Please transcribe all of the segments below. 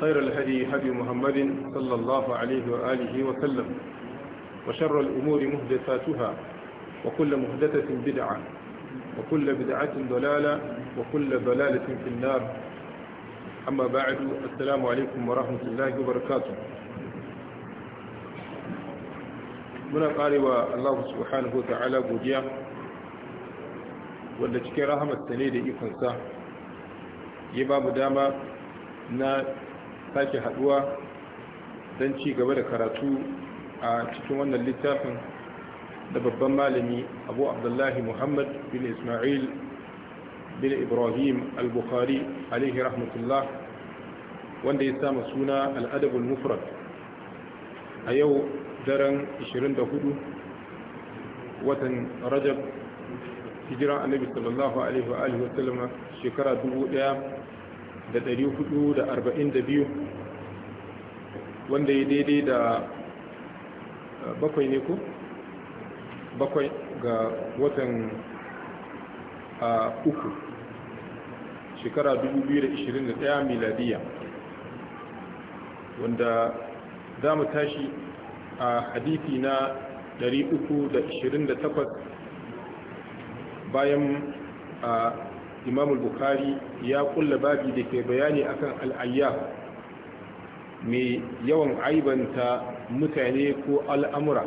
خير الهدي هدي محمد صلى الله عليه وآله وسلم وشر الأمور مهدثاتها وكل مهدثة بدعة وكل بدعة ضلالة وكل ضلالة في النار أما بعد السلام عليكم ورحمة الله وبركاته muna karewa Allah subhanahu wa ta'ala godiya wanda cikin rahamarsa ne da ikonsa ya ba mu dama na sake haduwa don ci gaba da karatu a cikin wannan littafin da babban malami abu abdullahi muhammad bin ismail bin ibrahim al-bukhari alaihi rahmatullah wanda ya sama suna al'adabul mufrad a yau daren 24 watan rajab hijira annabi sallallahu alaihi wa alihi shekara da 442 wanda ya daidai da eh, bakwai ne ko bakwai ga watan uku shekara 2021 miladiya wanda za mu tashi a hadithi na 328 bayan a imam bukhari ya kulla babi da ke bayani akan al'ayyam mai yawan aibanta mutane ko al'amura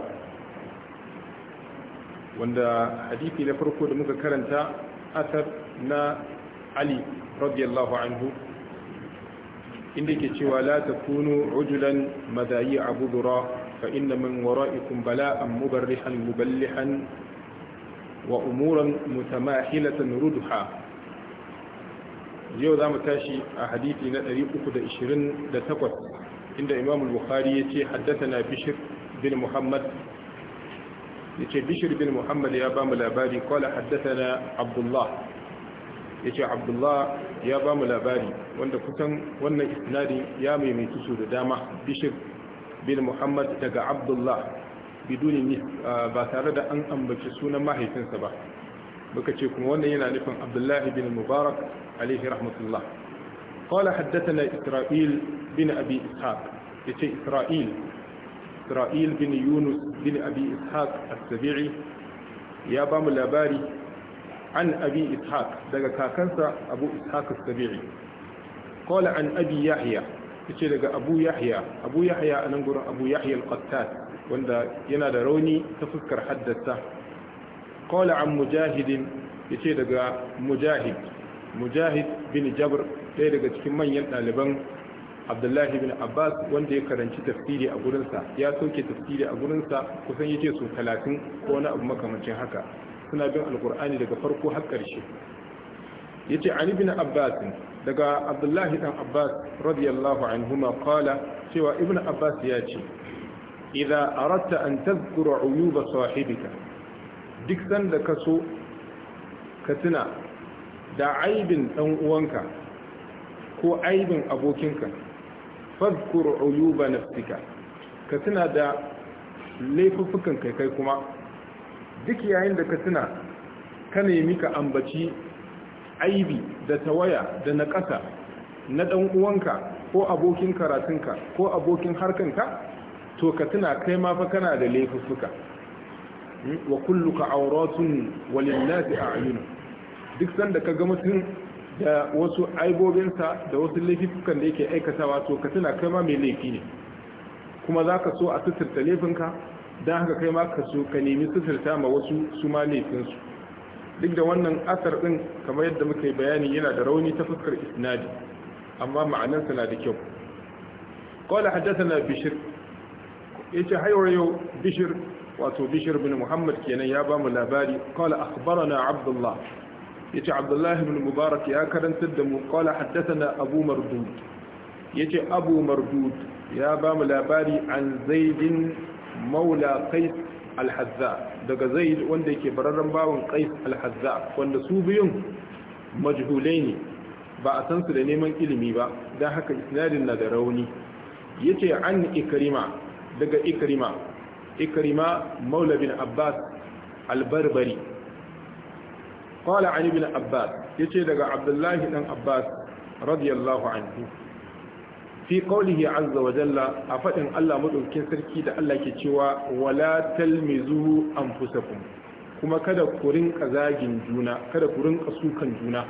wanda hadifi na farko da muka karanta asar na ali radiyallahu anhu inda ke cewa la takunu ujulan madayi abu dura fa inna min wara'ikum bala'an mubarrihan muballihan wa umuran mutamahilatan ruduha yau za mu tashi a hadithi na 328 inda imam bukhari ya ce haddasa bishir bin muhammad ya ce bishir bin muhammad ya ba mu labari kwallo haddasa na abdullah ya ce abdullah ya ba mu labari wanda kusan wannan isnadi ya maimaitu su da dama bishir bin muhammad daga abdullah biduni ah, ba tare da an ambaci sunan mahaifinsa ba muka ce kuma wannan yana nufin abdullahi bin mubarak alaihi rahmatullah qala haddathana isra'il bin abi ishaq yace isra'il isra'il bin yunus bin abi ishaq as-sabi'i ya ba mu labari an abi ishaq daga kakansa abu ishaq as-sabi'i qala an abi yahya yace daga abu yahya abu yahya anan gurin abu yahya al-qattat wanda yana da rauni ta fuskar haddasa qala an mujahidin yace daga mujahid mujahid bin jabr ɗaya daga cikin manyan ɗaliban abdullahi ibn abbas wanda ya karanci tafsiri a gurinsa ya soke tafsiri a gurinsa kusan yace su talatin ko wani abu makamancin haka suna bin alkur'ani daga farko har karshe yace ali bin abbas daga abdullahi ibn abbas radiyallahu anhuma qala cewa ibnu abbas ya ce idza aradta an tadhkura uyuba sahibika duk sanda ka so ka tuna da aibin ɗan uwanka ko aibin abokinka fadkur uyuba nafsika ka tuna da laifuffukan kai kai kuma duk yayin da ka tuna ka nemi ka ambaci aibi da tawaya da naƙasa na ɗan uwanka ko abokin karatunka ko abokin harkanka to ka tuna kai ma fa kana da laifuffuka wa kullu kulluka auratun a a'yun duk sanda ka ga mutum da wasu aibobinsa da wasu laifukan da yake aikatawa to ka tuna kai ma mai laifi ne kuma za ka so a suturta laifinka don haka kai ma ka so ka nemi suturta ma wasu su ma laifinsu duk da wannan asar din kamar yadda muke bayani yana da rauni ta fuskar isnadi amma ma'anarsa na da kyau qala haddathana bishr yace hayar yau bishir wato bishir bin muhammad kenan ya ba mu labari qala akhbarana abdullah yace abdullah ibn mubarak ya karantar da mu haddasa na abu mardud ce abu mardud ya ba mu labari an zaidin maula kai al daga zaid wanda yake bararren bawan kai al wanda su biyun majhulai ne ba a san su da neman ilimi ba dan haka isnadin na da rauni yace an ikrima daga ikrima ikrima maula bin abbas albarbari qala ali bin abbas yace daga abdullahi dan abbas radiyallahu anhu fi qawlihi azza wa jalla a faɗin Allah madaukin sarki da Allah ke cewa wala talmizu anfusakum kuma kada ku rinka zagin juna kada ku rinka sukan juna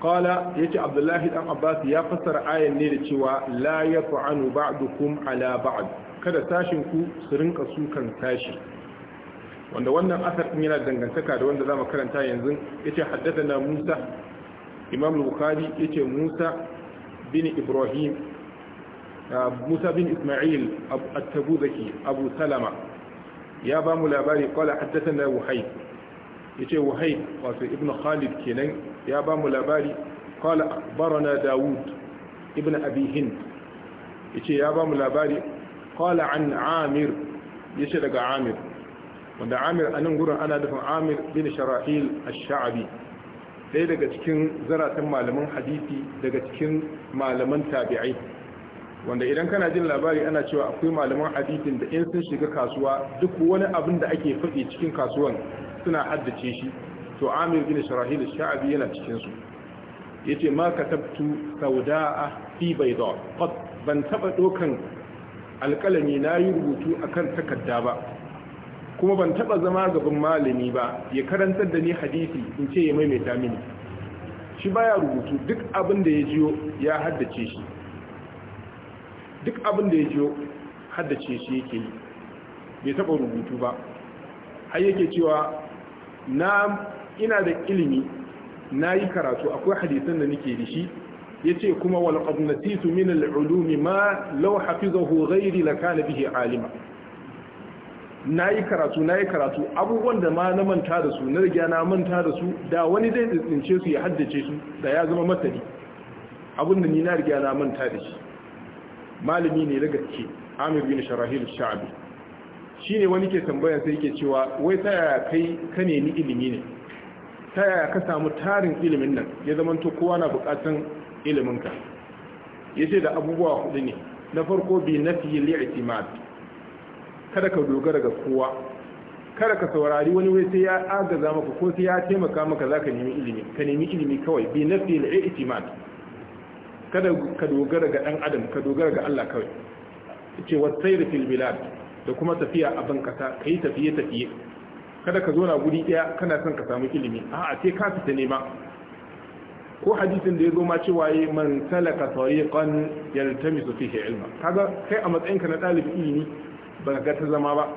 qala yace Abdullahi dan Abbas ya fassara ayan ne da cewa la yaf'anu ba'dukum ala ba'd kada tashin ku su rinka sukan tashi wanda wannan asar ɗin yana dangantaka da wanda za mu karanta yanzu ya ce haddada na Musa Imam Bukhari ce Musa bin Ibrahim ah, Musa bin Isma'il at-Tabuzaki Abu Salama ya ba mu labari na haddathana ya ce Wahib wasu Ibn Khalid kenan ya ba mu labari qala akhbarana Dawud ibn Abihin, ya ce ya ba mu labari qala an amir yace daga amir wanda amir a nan gurin ana dafin amir bin shara'il ash daga cikin zaratan malaman hadisi daga cikin malaman tabi'ai wanda idan kana jin labari ana cewa akwai malaman hadisin da in sun shiga kasuwa duk wani abin da ake faɗi cikin kasuwan suna haddace shi to amir bin sharahil sha'abi yana cikin su yace ma katabtu sauda'a fi bayda qad ban taba dokan alƙalami na yi rubutu akan takarda ba kuma ban taɓa zama gaban malami ba ya karantar da ni hadisi in ce ya maimaita mini shi baya rubutu duk abin da ya jiyo ya haddace shi duk abin da ya jiyo haddace shi yake yi bai taɓa rubutu ba har yake cewa na ina da ilimi na yi karatu akwai hadisan da nake da shi Ya ce kuma wal qad nasitu min al ulum ma law hafizahu ghairi kana bihi alima nayi karatu nayi karatu abubuwan da ma na manta da su na riga na manta da su da wani zai tsince su ya haddace su da ya zama masani abin da ni na riga na manta da shi malami ne na gaske Amir bin Sharahil Sha'bi shine wani ke tambaya sai yake cewa wai ta yaya kai ka ni ilimi ne ta yaya ka samu tarin ilimin nan ya zama to kowa na bukatan iliminka ya ce da abubuwa hudu ne na farko bi na fiye li'itimad kada ka dogara ga kowa kada ka saurari wani wai sai ya agaza maka ko sai ya taimaka maka za ka nemi ilimi ka nemi ilimi kawai bi na fiye li'itimad kada ka dogara ga dan adam ka dogara ga allah kawai ce wasai da filbilad da kuma tafiya a ban kasa ka yi tafiye-tafiye kada ka zo na guri ɗaya kana son ka samu ilimi a'a sai ka fita nema ko hadisin da ya zo ma cewa yi man talaka tariqan yaltamisu fihi ilma kaga kai a matsayin ka na ɗalibi ilimi baka ga ta zama ba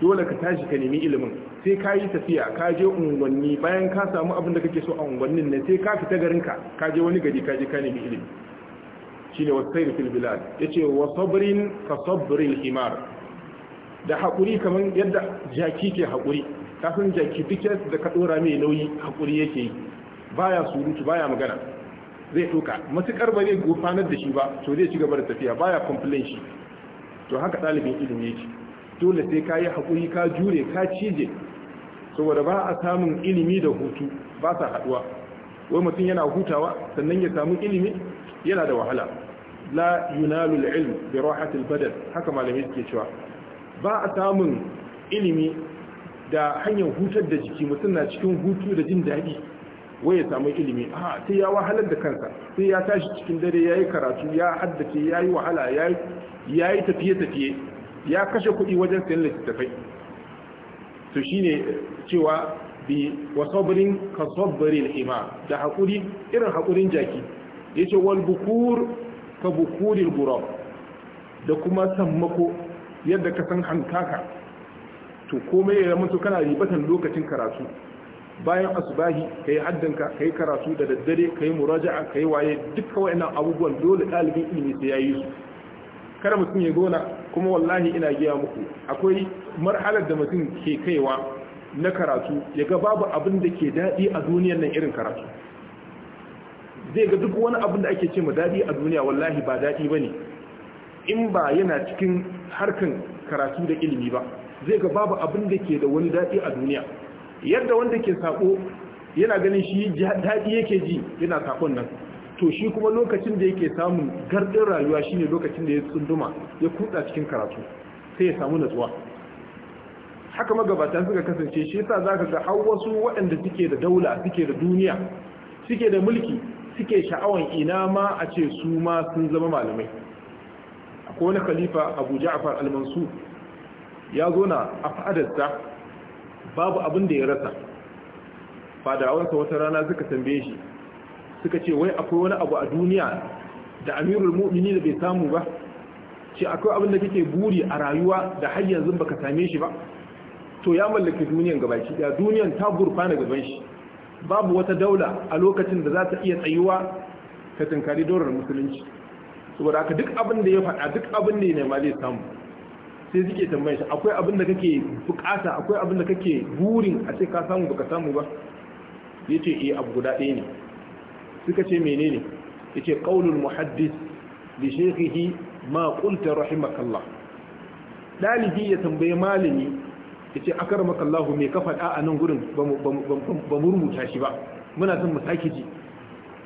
dole ka tashi ka nemi ilimin sai ka yi tafiya ka je unguwanni bayan ka samu abin da kake so a unguwannin ne sai ka fita garin ka ka je wani gari ka je ka nemi ilimi shine wasair fil bilad yace wa sabrin ka sabril himar da hakuri kamar yadda jaki ke hakuri kafin jaki duk da ka dora mai nauyi hakuri yake yi baya surutu baya magana zai ɗauka matukar ba zai gofanar da shi ba to zai ci gaba da tafiya baya complain shi to haka ɗalibin ilimi yake dole sai ka yi haƙuri ka jure ka cije saboda ba a samun ilimi da hutu ba sa haɗuwa wai mutum yana hutawa sannan ya samu ilimi yana da wahala la yunalu al-ilm bi haka malamai suke cewa ba a samun ilimi da hanyar hutar da jiki mutum na cikin hutu da jin daɗi wai ya samu ilimi a sai ya wahalar da kansa sai ya tashi cikin dare ya yi karatu ya haddace ya yi wahala ya yi tafiye-tafiye ya kashe kuɗi wajen sayan littattafai to ne cewa bi wa sabirin ka sabirin ima da haƙuri irin haƙurin jaki ya ce wal bukur ka bukurin gura da kuma sammako yadda ka san hankaka to komai ya mutu kana ribatan lokacin karatu bayan asubahi kai haddanka kai karatu da daddare kai muraja'a kai waye duka wayannan abubuwan dole dalibin ilimi sai yayi su kada mutum ya gona kuma wallahi ina giya muku akwai marhalar da mutum ke kaiwa na karatu ya ga babu abin da ke daɗi a duniyar nan irin karatu zai ga duk wani abin da ake ce ma daɗi a duniya wallahi ba daɗi ba in ba yana cikin harkan karatu da ilimi ba zai ga babu abin da ke da wani daɗi a duniya yadda wanda ke sako yana ganin shi daɗi yake ji yana sakon nan to shi kuma lokacin da yake samun gardin rayuwa shi ne lokacin da ya tsunduma ya kutsa cikin karatu sai ya samu natsuwa haka magabatan suka kasance shi yasa zaka ga har wasu waɗanda suke da daula suke da duniya suke da mulki suke sha'awan ina ma a ce su ma sun zama malamai akwai wani khalifa Abu Ja'far al-Mansur ya zo na a babu abin da ya rasa fadawarsa wata rana suka tambaye shi suka ce wai akwai wani abu a duniya da amirul mu'mini da bai samu ba ce akwai abin da kake buri a rayuwa da har yanzu baka same shi ba to ya mallaki duniyan gabaki da duniyan ta gurfana gaban shi babu wata daula a lokacin da za ta iya tsayuwa ta tunkari daular musulunci saboda haka duk abin da ya faɗa duk abin da ya nema zai samu sai suke tambayin shi akwai abin da kake bukata akwai abin da kake burin a ce ka samu baka samu ba yace eh abu guda ɗaya ne suka ce menene yace qaulul muhaddis da shaykhihi ma qulta rahimakallah dalibi ya tambaye malami yace akarmakallahu me ka faɗa a nan gurin ba mu rubuta shi ba muna son mu sake ji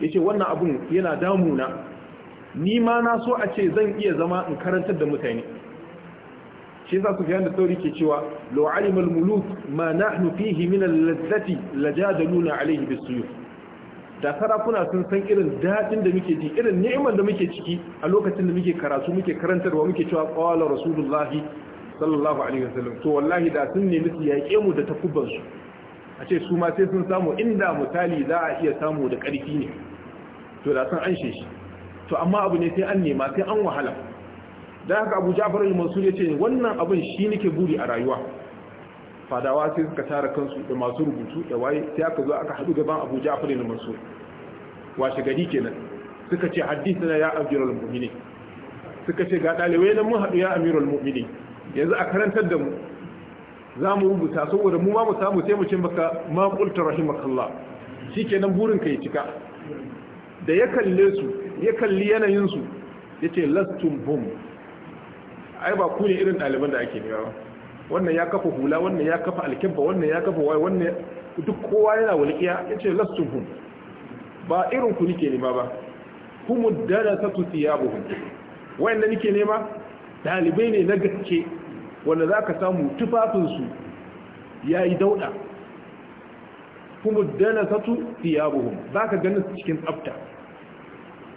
yace wannan abun yana damuna ni ma na so a ce zan iya zama in karantar da mutane shi su fi da sauri ke cewa law malmuluk al-muluk ma nahnu fihi min al-ladzati lajadaluna alayhi bis-suyuf da sarakuna sun san irin daɗin da muke ji irin ni'imar da muke ciki a lokacin da muke karatu muke karantarwa muke cewa kawala rasulullahi sallallahu alaihi wasallam to wallahi da sun nemi su yaƙe mu da takubban su a ce su ma sai sun samu inda misali za a iya samu da ƙarfi ne to da san an shi to amma abu ne sai an nema sai an wahala da haka abu ja'far al-mansur yace wannan abin shi nake buri a rayuwa fadawa sai suka tara kansu da masu rubutu da waye sai aka zo aka hadu gaban abu ja'far al-mansur washe gari kenan suka ce na ya al mumini suka ce ga ɗalibai nan mun hadu ya amirul mumini yanzu a karantar da mu za mu rubuta saboda mu ma mu samu sai mu ce maka ma qulta rahimakallah shikenan burin ka ya cika da ya kalle su ya kalli yanayin su yace lastum bum ai ba ku ne irin ɗaliban da ake nema wannan ya kafa hula wannan ya kafa alkibba wannan ya kafa wai wannan duk kowa yana walƙiya ya ce lastun hun ba irin ku nike nema ba kuma dana ta tuti ya buhun wayan da nike nema ɗalibai ne na gaske wanda za ka samu tufafinsu ya yi dauɗa kuma dana ta tuti ya buhun ba ka ganin cikin tsafta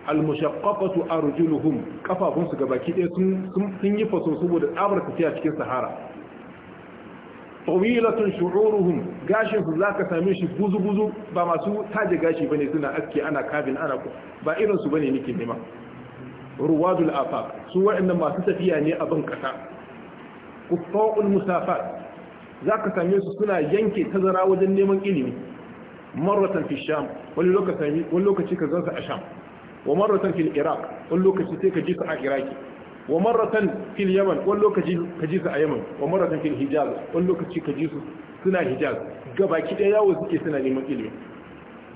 almushaqqaqatu arjuluhum kafafun su gabaki ɗaya sun sun yi faso saboda tsabar tafiya cikin sahara tawilatun shu'uruhum gashin su zaka same shi buzu buzu ba masu taje gashi bane suna aske ana kabin ana ba irin su bane nake nema ruwadul afaq su wa'annan masu tafiya ne a ban kasa kuffa'ul musafat zaka same su suna yanke tazara wajen neman ilimi maratan fi sham wani lokaci ka zansa a sham wa marratan fil iraq wani lokaci sai ka ji su a iraki wa marratan fil yaman wani lokaci ka ji su a yaman wa marratan fil hijaz wani lokaci ka ji su suna hijaz baki ɗaya yawo suke suna neman ilimi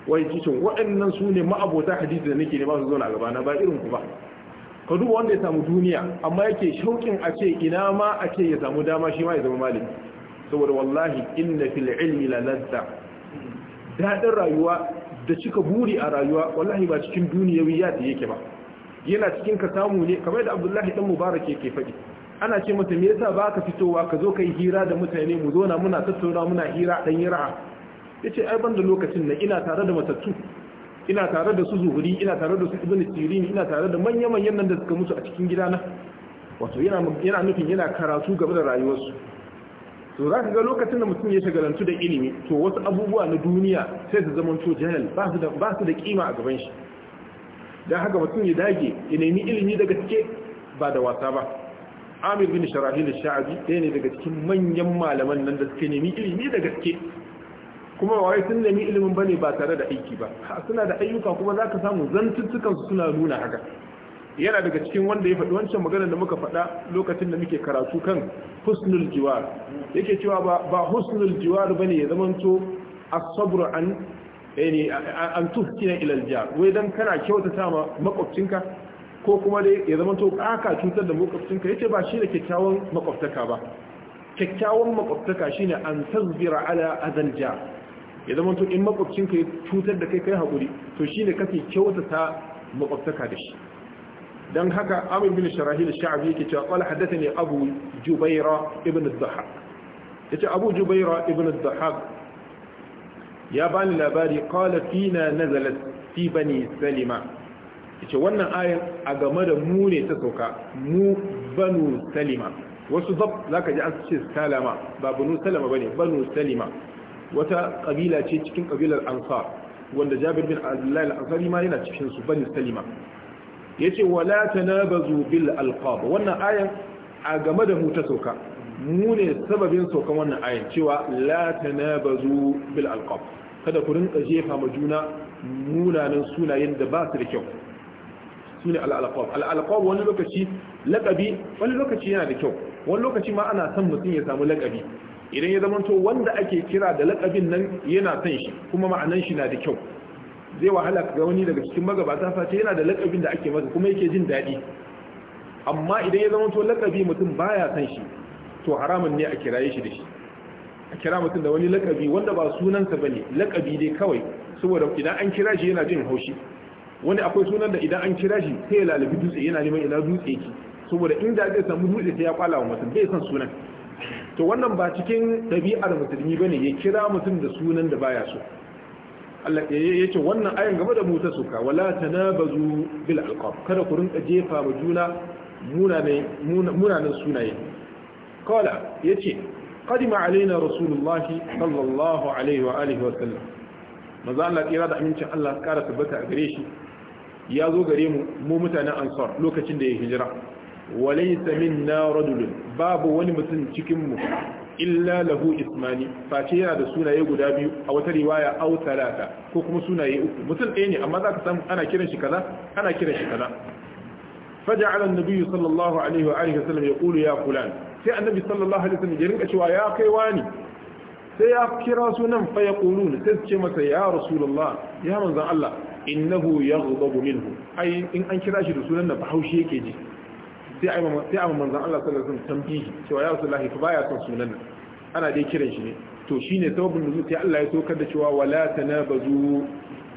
wai cikin waɗannan su ne ma'abota hadisi da nake ne ba su na gaba na ba irin ku ba ka duba wanda ya samu duniya amma yake shauƙin a ce ina ma a ce ya samu dama shi ma ya zama malami saboda wallahi inna fil ilmi la ladda dadin rayuwa da cika buri a rayuwa wallahi ba cikin duniyawi ya da yake ba yana cikin ka samu ne kamar da abdullahi dan mubarak yake faɗi ana ce mata me yasa baka fitowa ka zo kai hira da mutane mu zo muna tattauna muna hira dan yi yace ai ban da lokacin na ina tare da matattu ina tare da su zuhuri ina tare da su ibn sirin ina tare da manya manyan nan da suka mutu a cikin gidana wato yana yana nufin yana karatu gaba da rayuwarsu to za ka ga lokacin da mutum ya shagalantu da ilimi to wasu abubuwa na duniya sai su zama to jahil ba su da kima a gaban shi don haka mutum ya dage ya nemi ilimi da gaske ba da wasa ba amir bin sharahil sha'abi ɗaya ne daga cikin manyan malaman nan da suka nemi ilimi da gaske kuma wai sun nemi ilimin bane ba tare da aiki ba suna da ayyuka kuma za ka samu zantuttukansu suna nuna haka yana daga cikin wanda ya faɗi wancan maganar da muka faɗa lokacin da muke karatu kan husnul jiwar yake cewa ba husnul jiwar bane ya zamanto as-sabr an yani an tufkina ila al-jar wai dan kana kyautata ma makwabcinka ko kuma dai ya to aka cutar da makwabcinka yace ba shi da kyakkyawan makwabtaka ba kyakkyawan makwabtaka shine an tasbira ala adal jar ya to in makwabcinka ya cutar da kai kai hakuri to shine kake kyautata makwabtaka da shi dan haka amr bin sharahil sha'bi yake cewa qala haddathani abu jubaira ibn abu jubaira ibn ad ya bani labari qala fina nazalat fi bani salima wannan ayan a game da mu ne ta sauka mu banu salima wasu zab zaka ji an ce salama ba banu salama ne banu salima wata kabila ce cikin kabilar ansar wanda jabir bin abdullahi al-ansari ma yana cikin su banu salima yace wala bazu bil alqab wannan ayan a game da mu ta sauka mu ne sababin saukan wannan ayan cewa la bazu bil alqab kada ku rinka jefa ma juna munanan sunayen da ba su da kyau su ne alqab wani lokaci laƙabi wani lokaci yana da kyau wani lokaci ma ana son mutum ya samu lakabi idan ya zamanto wanda ake kira da lakabin nan yana son shi kuma ma'anan shi na da kyau zai wahala ga wani daga cikin magabata face yana da lakabin da ake masa kuma yake jin daɗi amma idan ya zama to lakabi mutum baya san shi to haramun ne a kiraye shi da shi a kira mutum da wani lakabi wanda ba sunansa bane lakabi dai kawai saboda idan an kira shi yana jin haushi wani akwai sunan da idan an kira shi sai ya lalubi dutse yana neman ina dutse ki saboda inda zai samu dutse sai ya kwala wa mutum bai san sunan to wannan ba cikin ɗabi'ar musulmi bane ya kira mutum da sunan da baya so Allah ya yace wannan ayan game da muta suka wala tanabazu bil alqab kada ku rinka jefa ma juna munane munanan sunaye qala yace qadima alaina rasulullah sallallahu alaihi wa alihi wa sallam maza Allah kira da amincin Allah kara tabbata a gare shi ya zo gare mu mu mutanen ansar lokacin da ya hijira walaysa minna rajulun babu wani mutum cikin mu illa lahu ismani face yana da sunaye guda biyu a wata riwaya aw talata ko kuma sunaye uku mutum ɗaya ne amma zaka san ana kiran shi kaza ana kiran shi kaza faja'ala an-nabiy sallallahu alaihi wa alihi wasallam yaqulu ya fulan sai annabi sallallahu alaihi wasallam ya rinka cewa ya kai wani sai ya kira sunan fa yaqulun sai su ce masa ya rasulullah ya manzon Allah innahu yaghdabu minhu ai in an kira shi da sunan da bahaushe yake ji sai a sai a manzon Allah sallallahu alaihi wasallam tambihi cewa ya rasulullahi fa baya son sunan ana dai kiran shi ne to shine sababin nuzul sai Allah ya saukar da cewa wala tanabazu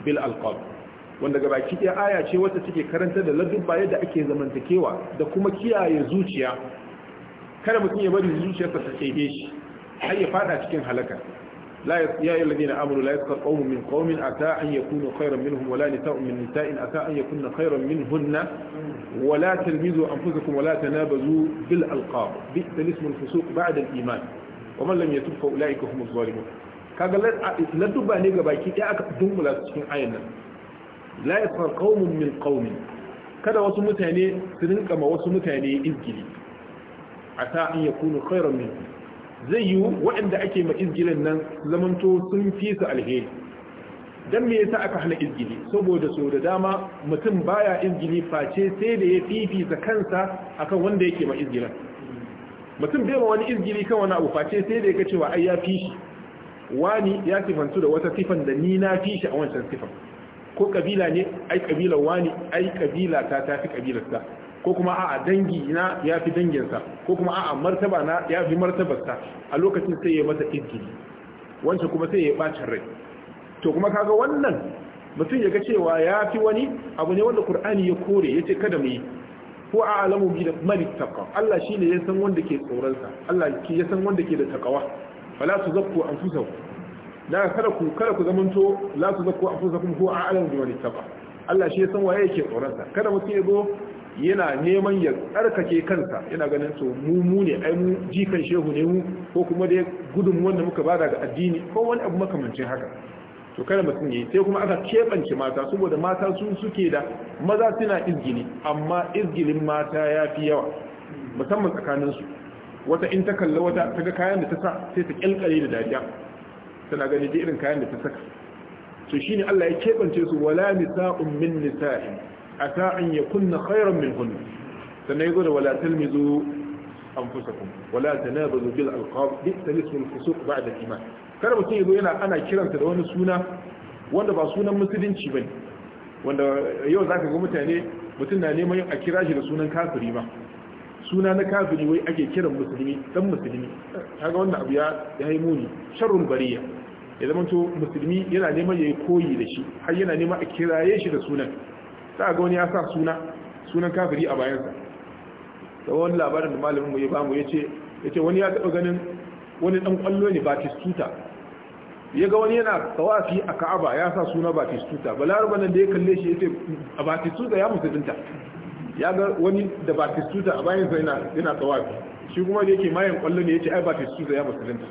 bil alqab wanda ga baki ɗaya aya ce wacce take karanta da ladubba yadda ake zamantakewa da kuma kiyaye zuciya kada mutum ya bari zuciyarsa ta tsebe shi har ya fada cikin halaka لا ي... يا أيها الذين آمنوا لا يسخر قوم من قوم أتى أن يكونوا خيرا منهم ولا نساء من نساء أتى أن يكون خيرا منهن ولا تلمزوا أنفسكم ولا تنابزوا بالألقاب بئس الاسم الفسوق بعد الإيمان ومن لم يتب فأولئك هم الظالمون kaga ladduba ne ga baki ɗaya aka dummula su cikin ayan nan la yasfar qaumun min qaumin kada wasu mutane su rinka ma wasu mutane izgili ata an yakunu khairan minkum zai yi waɗanda ake ma izgilin nan zamanto sun fi su alheri dan me yasa aka hana izgili saboda so da dama mutum baya izgili face sai da ya sa kansa akan wanda yake ma izgilin mutum bai ma wani izgili kan wani abu face sai da ya kace cewa ai ya fi shi wani ya sifantu da wata sifan da ni na fi shi a wancan sifan ko kabila ne ai kabilar wani ai kabila ta tafi kabilar ta ko kuma a'a dangi na ya fi danginsa ko kuma a'a martaba na ya fi martabarsa a lokacin sai ya masa izgili wancan kuma sai ya bacin rai to kuma kaga wannan mutum ya ga cewa ya fi wani abu ne wanda qur'ani ya kore ya ce kada mu yi ko a alamu bi da malik taqwa Allah shi ne ya san wanda ke tsoron Allah Allah ya san wanda ke da takawa fala zakku anfusakum la kada ku kada ku zamanto la zakku anfusakum a a'lamu bi malik taqwa Allah shi ya san waye ke tsoron kada mutum ya zo yana neman ya tsarkake kansa yana ganin to mu mu ne ai mu jikan shehu ne mu ko kuma dai gudun wanda muka bada ga addini ko wani abu makamancin haka to kada mutum yi sai kuma aka kebance mata saboda mata su suke da maza suna izgini amma izgilin mata yafi yawa musamman tsakanin su wata in ta kalla wata ta ga kayan da ta sa sai ta kyalkare da dariya tana gani da irin kayan da ta saka to shine Allah ya kebance su wala nisa'un min nisa'in ata an kunna khairan minhunna sannan ya zo da wala talmizu anfusakum wala tanabazu bil alqab bi'sa ismul fusuq ba'da da iman kar mutum ya zo yana ana kiranta da wani suna wanda ba sunan musulunci ba bane wanda yau za ka ga mutane mutum na neman yin a kira shi da sunan kafiri ma suna na kafiri wai ake kiran musulmi dan musulmi Ta ga wannan abu ya yi muni sharrun bariya ya zama to musulmi yana neman ya yi koyi da shi har yana neman a kiraye shi da sunan za ga wani ya sa suna sunan kafiri a bayansa da wani labarin da malamin mu ya bamu ya ce ya ce wani ya taɓa ganin wani ɗan ƙwallo ne batistuta ya ga wani yana tawafi a ka'aba ya sa suna batistuta balaraba nan da ya kalle shi ya ce a batistuta ya musulunta ya ga wani da batistuta a bayansa yana tawafi shi kuma da yake mayan ƙwallo ne ya ce ai batistuta ya musulunta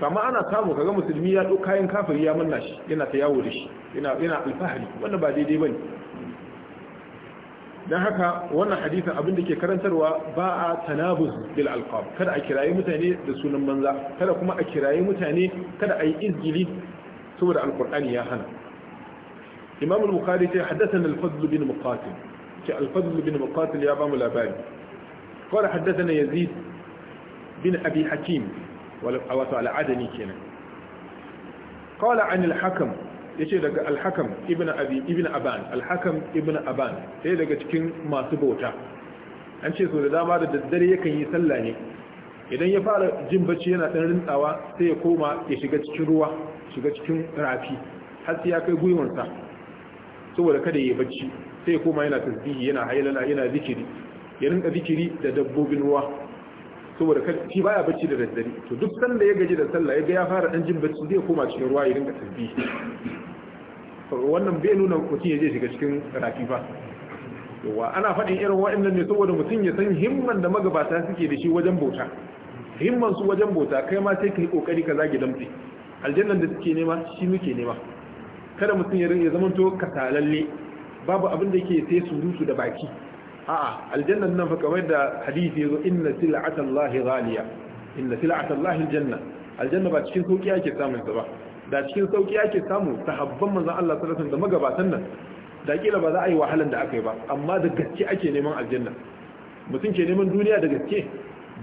amma ana samu kaga musulmi ya ɗo kayan kafiri ya manna shi yana ta yawo da shi ina alfahari wannan ba daidai ne don haka wannan hadisin abinda ke karantarwa ba a tanabuz bil alqab kada a kirayi mutane da sunan banza kada kuma a kirayi mutane kada a yi izgili saboda alqur'ani ya hana imam al-bukhari ce haddathana al-fadl bin muqatil ce al-fadl bin muqatil ya ba mu labari qala haddathana yazid bin abi hakim wala awatu al-adani kenan qala an al-hakam yace daga al-hakam ibn abi ibn aban al-hakam ibn aban sai daga cikin masu bauta an ce so da dama da daddare yakan yi sallah ne idan ya fara jin bacci yana dan rintsawa sai ya koma ya shiga cikin ruwa shiga cikin rafi har sai ya kai gwiwansa saboda kada ya bacci sai ya koma yana tasbihi yana hailala yana zikiri ya rinka zikiri da dabbobin ruwa saboda shi baya bacci da daddare to duk sanda ya gaji da sallah ya ga ya fara dan jin bacci zai koma cikin ruwa ya rinka tasbihi wannan bai nuna mutum ya je shiga cikin rafi ba yawa ana faɗin irin waɗannan ne saboda mutum ya san himman da magabata suke da shi wajen bauta himman su wajen bauta kai ma sai ka yi kokari ka zage damtse aljannan da suke nema shi muke nema kada mutum ya ya zama to kasalalle babu abin da yake sai surutu da baki a'a aljannan nan fa kamar da hadisi yazo inna sil'atallahi ghaliya inna sil'atallahi aljanna aljanna ba cikin sauki ake samun ta ba da cikin sauki ake samu sahabban manzon Allah sallallahu alaihi wasallam da magabatan nan da kila ba za a yi wahalan da aka yi ba amma da gaske ake neman aljanna mutum ke neman duniya da gaske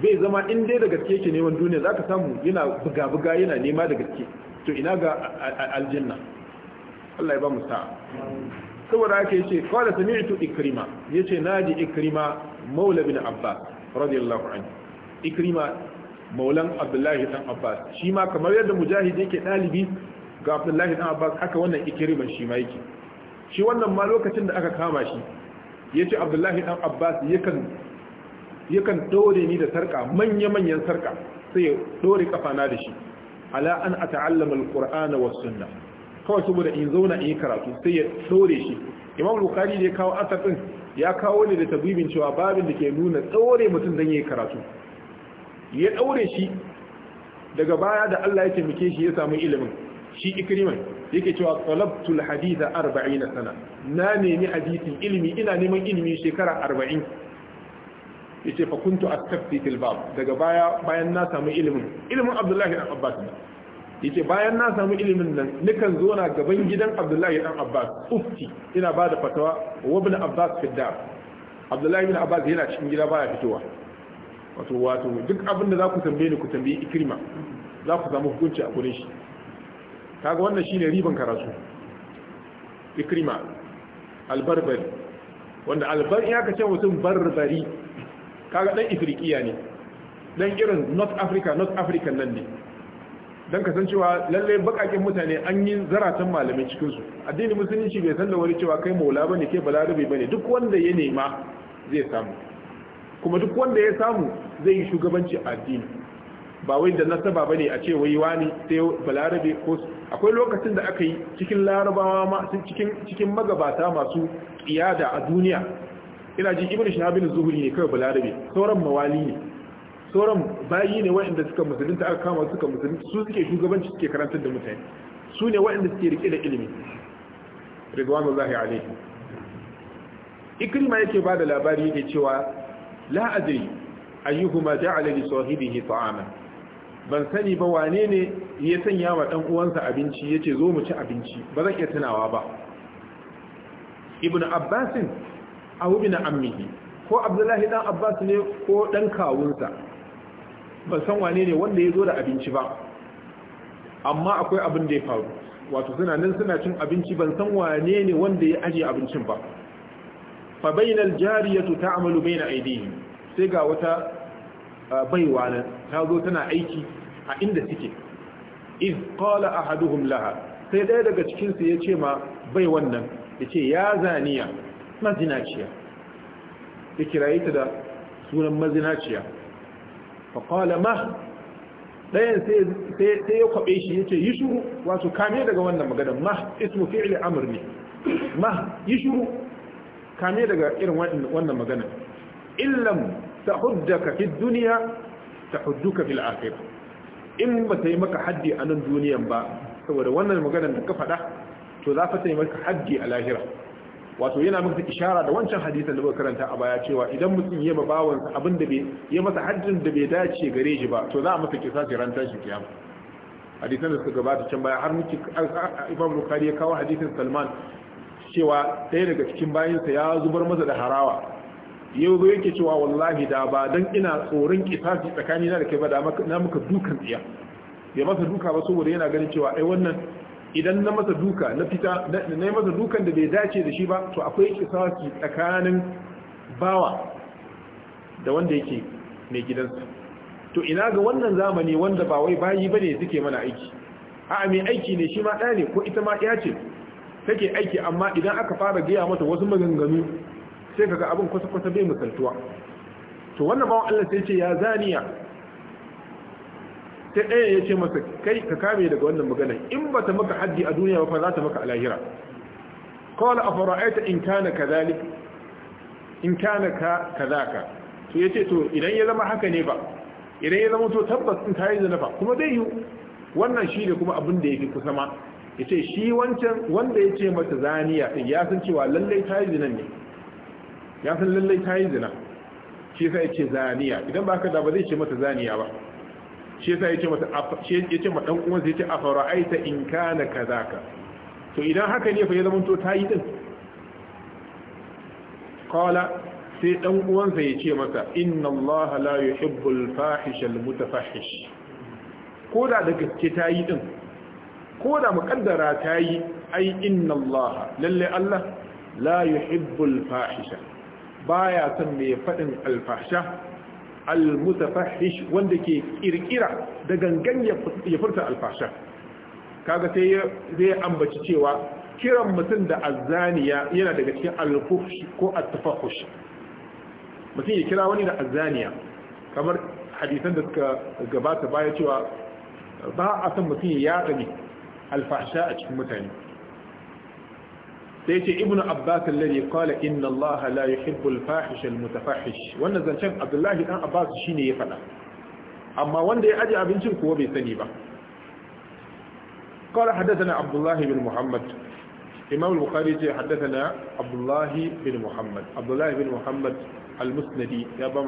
bai zama in dai da gaske yake neman duniya zaka samu yana buga buga yana nema da gaske to ina ga aljanna Allah ya ba mu sa'a saboda haka yace qala sami'tu ikrima yace naji ikrima maula bin abbas radiyallahu anhu ikrima maulan abdullahi dan abbas shi ma kamar yadda mujahidi yake dalibi ga abdullahi dan abbas haka wannan ikriman shi ma yake shi wannan ma lokacin da aka kama shi yace abdullahi dan abbas yakan yakan dore ni da sarka manya manyan sarka sai ya dore kafana da shi ala an ata'allama alqur'ana was sunna kawai saboda in zauna in yi karatu sai ya dore shi imam bukhari da ya kawo asar ya kawo ne da tabibin cewa babin da ke nuna tsore mutum dan yi karatu ya daure shi daga baya da Allah ya taimake shi ya samu ilimin shi ikriman yake cewa talabtul hadith 40 sana na nemi hadisin ilimi ina neman ilimi shekara 40 yace fa kuntu astafti fil bab daga baya bayan na samu ilimin ilimin Abdullahi ibn Abbas yace bayan na samu ilimin nan nikan zo na gaban gidan Abdullahi ibn Abbas ufti ina bada fatawa wa ibn Abbas fi dar Abdullahi ibn Abbas yana cikin gida baya fitowa wato wato duk abin da za ku tambaye ni ku tambaye ikrima za ku samu hukunci a gurin shi kaga wannan shine riban karatu ikrima albarbari wanda albar ya kace mutum barbari kaga dan ifriqiya ne dan irin north africa north african nan ne don kasancewa lalle bakakin mutane an yi zaratan malamai cikinsu addini musulunci bai san da wani cewa kai maula bane kai balarabe bane duk wanda ya nema zai samu kuma duk wanda ya samu zai yi shugabanci a addini ba wai da nasaba bane a ce wai wani sai balarabe ko akwai lokacin da aka yi cikin larabawa ma cikin cikin magabata masu iyada a duniya ina ji ibnu shahabin zuhuri ne kai balarabe sauran mawali ne sauran bayi ne waɗanda suka musulunta aka kama suka musulunta su suke shugabanci suke karantar da mutane su ne waɗanda suke rike da ilimi ridwanullahi alaihi ikrima yake bada labari yake cewa la adri ayyuhuma ja'ala li sahibihi ta'ama ban sani ba wane ne ya sanya wa dan uwansa abinci yace zo mu ci abinci ba zan iya tunawa ba ibnu abbasin aw bin ammihi ko abdullahi dan abbas ne ko dan kawunsa ban san wane ne wanda ya zo da abinci ba amma akwai abin da ya faru wato suna nan suna cin abinci ban san wane ne wanda ya ajiye abincin ba fa bainal jariyatu ta'malu baina aydihim sai ga wata baiwa nan ta zo tana aiki a inda suke iz qala ahaduhum laha sai daya daga cikin su yace ma bai wannan yace ya zaniya mazinaciya ya kiraye ta da sunan mazinaciya fa qala ma dayan sai sai ya kwabe shi yace yi shuru wato kame daga wannan magana ma ismu fi'li amur ne ma yi shuru kame daga irin wannan magana illam tahuddaka fi dunya tahudduka fil akhirah in ba ta yi maka haddi a nan duniyan ba saboda wannan maganar da ka faɗa to za ta yi maka haddi a lahira wato yana maka ishara da wancan hadisan da muka karanta a baya cewa idan mutum ya babawan sa abin da bai ya masa haddin da bai dace gare shi ba to za a masa kisa sai ran tashi kiyama hadisan da suka gabata can baya har muke Imam Bukhari ya kawo hadisin Salman cewa ɗaya daga cikin bayansa ya zubar masa da harawa yau zo yake cewa wallahi da ba don ina tsoron kifafi tsakani na da kai ba da na muka dukan tsiya Ya masa duka ba saboda yana ganin cewa ai wannan idan na masa duka na fita na yi masa dukan da bai dace da shi ba to akwai kisasi tsakanin bawa da wanda yake mai gidansa to ina ga wannan zamani wanda ba wai bayi bane suke mana aiki a'a mai aiki ne shi ma ɗaya ne ko ita ma ɗaya ce take aiki amma idan aka fara gaya mata wasu maganganu sai kaga abin kwata-kwata bai misaltuwa to wannan bawan Allah sai ce ya zaniya sai ɗaya ya ce masa kai ka kame daga wannan magana in ba ta maka haddi a duniya ba za ta maka alahira. kawai a fara'aita in kana in kana ka kazaka to ya ce to idan ya zama haka ne ba idan ya zama to tabbas in kayi zanafa kuma zai yi wannan shi ne kuma abin da ya fi kusa ma yace shi wancan wanda ya ce mata zaniya din ya san cewa lallai ta yi zina ne ya san lallai ta yi zina shi sa ya ce zaniya idan ba haka da ba zai ce mata zaniya ba shi ya ce mata shi yace ma dan uwansa yace afara'aita in kana ka to idan haka ne fa ya zama to ta yi din kawala sai dan uwansa ya ce masa inna allaha la yuhibbul fahishal mutafahhish ko da da gaske ta yi din ko da muƙaddara ta yi ai inna Allah lalle Allah la yuhibbul fahisha baya son mai faɗin Al-mutafahish wanda ke kirkira da gangan ya furta fahisha kaga sai zai ambaci cewa kiran mutum da azzaniya yana daga cikin fuhsh ko at-tafahush mutum ya kira wani da azzaniya kamar hadisan da suka gabata baya cewa ba a san mutum ya yaɗa alfahsha a cikin mutane sai ce ibnu abbas alladhi qala inna allah la yuhibbu alfahish almutafahish wannan zancen abdullahi dan abbas shine ya faɗa amma wanda ya aje abincin kuwa bai sani ba قال حدثنا عبد الله بن محمد إمام البخاري حدثنا عبد الله بن محمد عبد الله بن محمد المسندي يا بام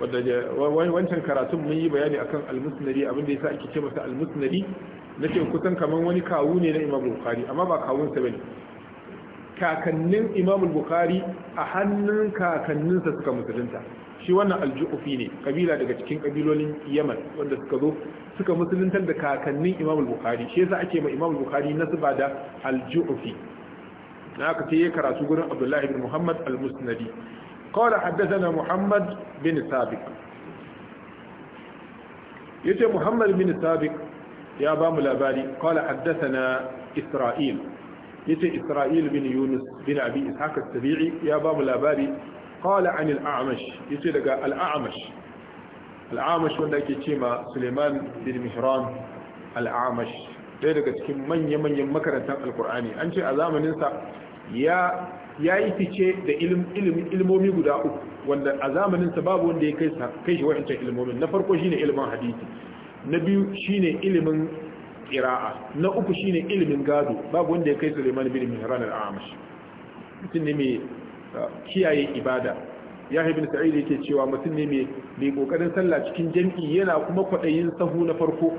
wancan karatun mun yi bayani akan almusnadi abinda ya sa ake ce masa nake kusan kamar wani kawu ne na Imam bukari amma ba kawunsa sa bane kakannin Imam bukari a hannun kakanninsa suka musulunta shi wannan aljufi ne kabila daga cikin kabilolin Yaman wanda suka zo suka musuluntar da kakannin Imam bukari shi yasa ake ma Imam Bukhari nasaba da aljufi na aka ce karatu gurin abdullahi bin Muhammad al-Musnadi قال muhammad bin sabik ya yace Muhammad bin sabik. ya ba mu labari qala haddathana isra'il yace isra'il bin yunus bin abi ishaq as-sabi'i ya ba mu labari qala an al-a'mash yace daga al-a'mash wanda ake ma suleiman bin mihran al Daya daga cikin manya-manyan makarantar alkur'ani an ce a zamaninsa ya ya yi fice da ilmomi guda uku wanda a zamaninsa babu wanda ya kai shi wa'ancan ilmomin na farko shine ilmin hadisi na biyu shine ilimin ƙira'a na uku shine ilimin gado babu wanda ya kai suleiman bin mihran al-amash mutum ne mai ah, kiyaye ibada ya ibn sa'id yake cewa mutum ne mai mai kokarin sallah cikin jami'i yana kuma kwaɗayin sahu na farko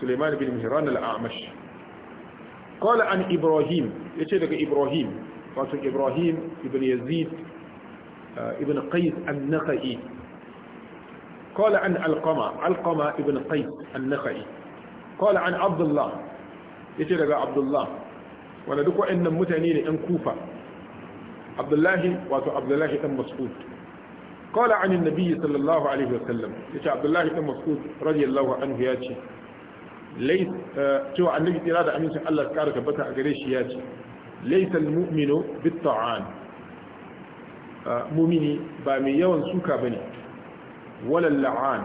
suleiman bin mihran al-amash an ibrahim yace daga ibrahim wato ibrahim ibn yazid ah, ibn qais an naka'i. قال عن القمة القمة ابن قيس النخعي قال عن عبد الله yace daga Abdullah wanda duk waɗannan mutane ne ɗan Kufa Abdullahi wato Abdullahi dan Mas'ud قال عن النبي صلى الله عليه وسلم يتي عبد الله بن مسعود رضي الله عنه ياتي ليس تو النبي تيرا da amincin Allah ya ka bata a gare shi yace laysa almu'minu bit-ta'an mu'mini ba mai yawan suka bane walal la'an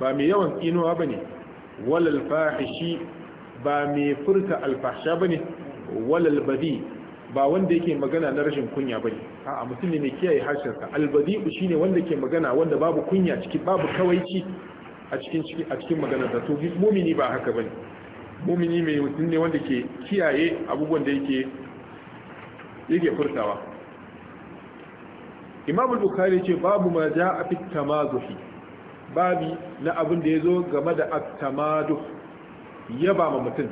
ba mai yawan ba bane walal fahishi ba mai furta alfahsha bane walal badi ba wanda yake magana na rashin kunya bane a'a mutum ne mai kiyaye harshensa shi shine wanda ke magana wanda babu kunya ciki babu kawaici a cikin ciki a cikin magana da to mumini ba haka bane mumini mai mutum ne wanda ke kiyaye abubuwan da yake yake furtawa imam bukhari ce babu ma jaa fi tamaduhi babi na abin da yazo game da at tamadu yaba ma mutum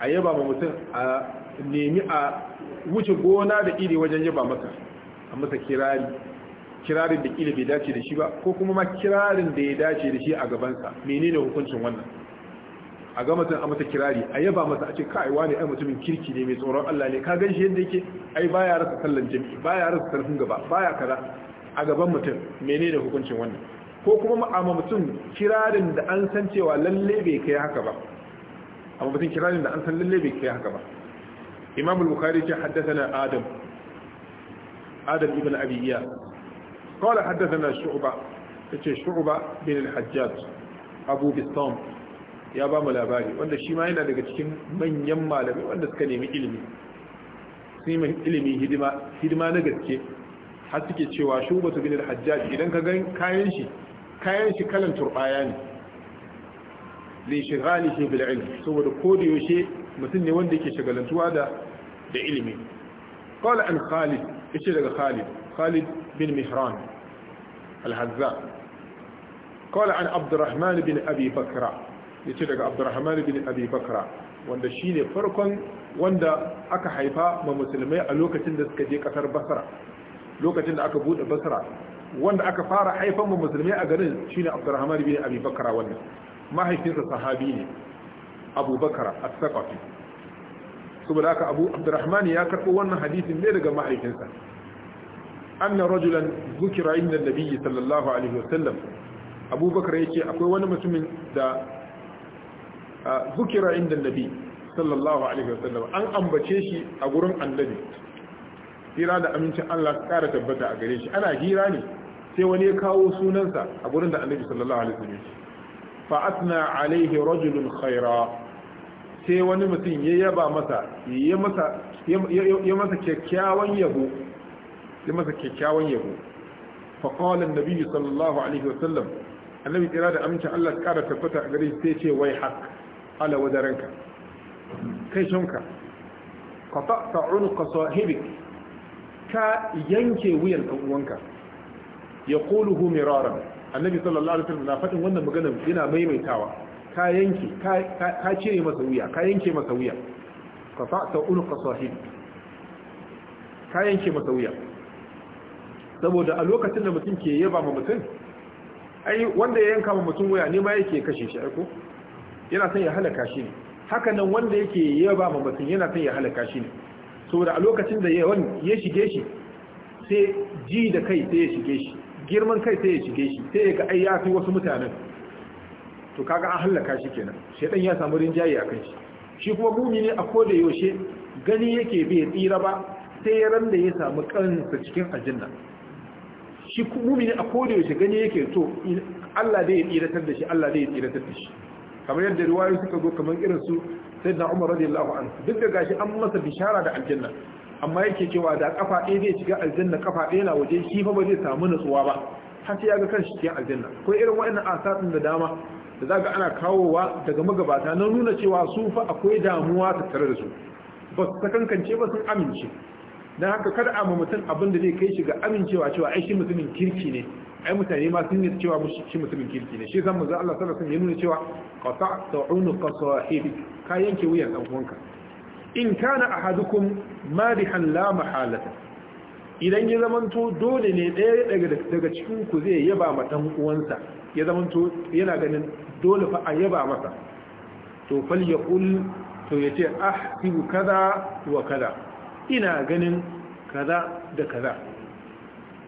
a yaba ma mutum a nemi a wuce gona da iri wajen yaba masa a masa kirari kirarin da iri bai dace da shi ba ko kuma ma kirarin da ya dace da shi a gabansa menene hukuncin wannan a ga mutum a masa kirari a yaba masa a ce kai wani ai mutumin kirki ne mai tsoron Allah ne ka gan shi yadda yake ai baya rasa sallan jami'i baya rasa sarfin gaba baya kaza a gaban mutum menene hukuncin wannan ko kuma a ma mutum kirarin da an san cewa lalle bai kai haka ba amma mutum kirarin da an san lalle bai kai haka ba Imam al-Bukhari ya haddathana Adam Adam ibn Abi Iyas قال حدثنا شعبة شعبة بن الحجاج أبو بسام ya ba mu labari wanda shi ma yana daga cikin manyan malamai wanda suka nemi ilimi sun yi ilimi hidima hidima na gaske har suke cewa shubatu bin al-hajjaj idan ka gan kayan shi kayan shi kalan turbaya ne li shighalihi bil ilm saboda ko da yaushe mutum ne wanda yake shagalantuwa da da ilimi qala an khalid yace daga khalid khalid bin mihran al-hazza qala an abdurrahman bin abi bakra yace daga Abdurrahman bin Abi Bakra wanda shine farkon wanda aka haifa ma musulmai a lokacin da suka je kasar Basra lokacin da aka bude Basra wanda aka fara haifan ma musulmai a garin shine Abdurrahman bin Abi Bakra wannan mahaifinsa sahabi ne Abu Bakra as-Saqafi saboda haka Abu Abdurrahman ya karbo wannan hadisin ne daga mahaifinsa anna rajulan zukira inda nabiyyi sallallahu alaihi wasallam abubakar yake akwai wani mutumin da hukira inda nabi sallallahu alaihi wasallam an ambace shi a gurin annabi hira da aminci Allah kara tabbata a gare shi ana hira ne sai wani ya kawo sunansa a gurin da annabi sallallahu alaihi wasallam fa atna alaihi rajulun khaira sai wani mutum ya yaba masa ya masa ya masa kyakkyawan yabo ya masa kyakkyawan yabo fa qala an sallallahu alaihi wasallam annabi kira da aminci Allah kara tabbata a gare shi sai ce wai hak ala wadaranka kai sunka ka ta'ta unqa sahibik ka yanke wuyan dan uwanka yaquluhu mirara annabi sallallahu alaihi wasallam na fadin wannan magana yana maimaitawa ka yanke ka cire masa wuya ka yanke masa wuya ka unqa sahibik ka yanke masa wuya saboda a lokacin da mutum ke yaba ma mutum ai wanda ya yanka ma mutum waya ne ma yake kashe shi aiko yana son ya halaka shi ne haka nan wanda yake yaba ma mutum yana son ya halaka shi ne saboda a lokacin da yawan ya shige shi sai ji da kai sai ya shige shi girman kai sai ya shige shi sai ya ga ai ya fi wasu mutanen to kaga an halaka shi kenan shedan ya samu rinjaye akan shi shi kuma ne a koda yaushe gani yake bai tsira ba sai ran da ya samu kansa cikin aljanna shi ne a koda yaushe gani yake to Allah zai tsiratar da shi Allah zai tsiratar da shi kamar yadda riwayoyi suka zo kamar irin su sayyidina Umar radiyallahu anhu duk da gashi an masa bishara da aljanna amma yake cewa da kafa ɗaya zai shiga aljanna kafa ɗaya na waje shi fa ba zai samu nutsuwa ba har sai ya ga kanshi cikin aljanna ko irin waɗannan asatin da dama da zaga ana kawowa daga magabata na nuna cewa su fa akwai damuwa tattare da su ba su sakankance ba sun amince dan haka kada a mutum abinda zai kai shi ga amincewa cewa ai shi mutumin kirki ne ai mutane ma sun yi cewa shi mutumin kirki ne shi zan muzu Allah sallallahu alaihi wasallam ya nuna cewa qata'ta unuqa sahibi ka yanke wuyan dan uwanka in kana ahadukum madihan la mahalata idan ya zamanto dole ne ɗaya daga cikin ku zai yaba ma dan uwansa ya zamanto yana ganin dole fa a yaba masa to fal yaqul to yace ahsibu kaza wa kaza ina ganin kaza da kaza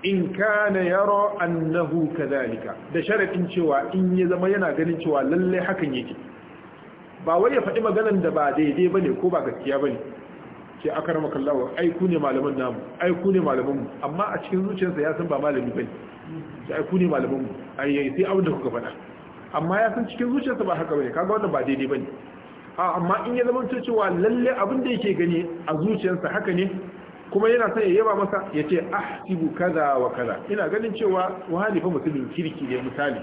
in kana yaro annahu kadhalika da sharadin cewa in ya zama yana ganin cewa lalle hakan yake ba wai ya faɗi maganar da ba daidai bane ko ba gaskiya bane ce akaramakallahu ai ku ne malaman namu ai ku ne malaman mu amma a cikin zuciyarsa ya san ba malami bane Sai ai ku ne malaman mu ai yayi sai abin da kuka faɗa amma ya san cikin zuciyarsa ba haka bane kaga wannan ba daidai bane a amma in ya zama cewa lalle abin da yake gani a zuciyarsa haka ne kuma yana son ya yaba masa ya ce ahsibu kaza wa kaza ina ganin cewa wani fa mutumin kirki ne misali